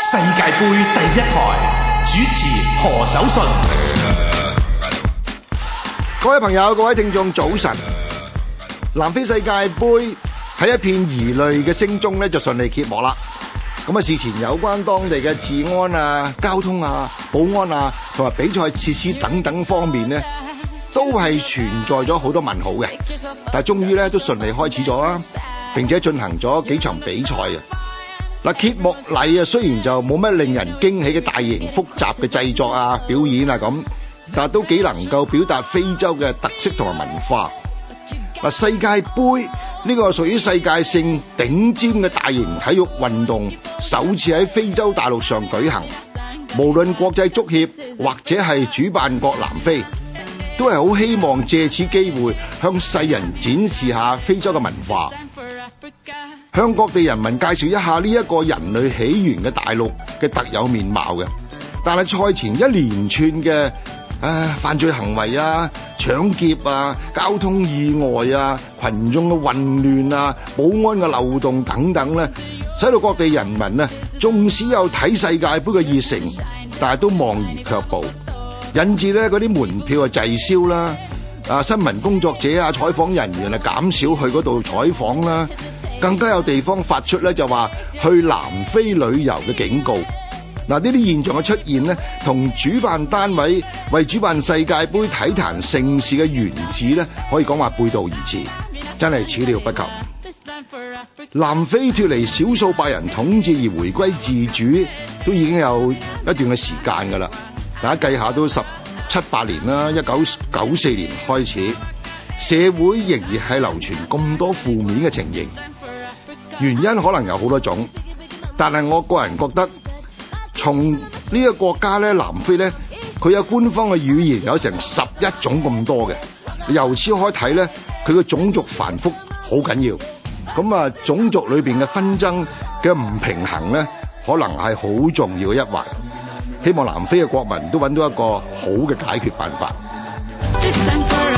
世界盃第一台主持何守信，各位朋友各位聽眾早晨，南非世界盃喺一片疑慮嘅聲中咧就順利揭幕啦。咁啊事前有關當地嘅治安啊、交通啊、保安啊同埋比賽設施等等方面咧，都係存在咗好多問號嘅。但係終於咧都順利開始咗啦，並且進行咗幾場比賽嘅。嗱，揭幕禮啊，雖然就冇咩令人驚喜嘅大型複雜嘅製作啊、表演啊咁，但係都幾能夠表達非洲嘅特色同埋文化。嗱，世界杯呢個屬於世界性頂尖嘅大型體育運動，首次喺非洲大陸上舉行。無論國際足協或者係主辦國南非，都係好希望借此機會向世人展示下非洲嘅文化。向各地人民介紹一下呢一個人類起源嘅大陸嘅特有面貌嘅。但係賽前一連串嘅誒犯罪行為啊、搶劫啊、交通意外啊、群眾嘅混亂啊、保安嘅漏洞等等咧，使到各地人民啊，縱使有睇世界杯嘅熱誠，但係都望而卻步，引致咧嗰啲門票啊滯銷啦，啊新聞工作者啊採訪人員啊減少去嗰度採訪啦。更加有地方發出咧，就話去南非旅遊嘅警告。嗱，呢啲現象嘅出現呢，同主辦單位為主辦世界盃體壇盛事嘅原子咧，可以講話背道而馳。真係始料不及。南非脫離少數白人統治而回歸自主，都已經有一段嘅時間噶啦。大家計下都十七八年啦，一九九四年開始，社會仍然係流傳咁多負面嘅情形。原因可能有好多種，但係我個人覺得，從呢個國家咧，南非咧，佢有官方嘅語言有成十一種咁多嘅，由此開睇咧，佢嘅種族繁複好緊要，咁啊種族裏邊嘅紛爭嘅唔平衡咧，可能係好重要嘅一環，希望南非嘅國民都揾到一個好嘅解決辦法。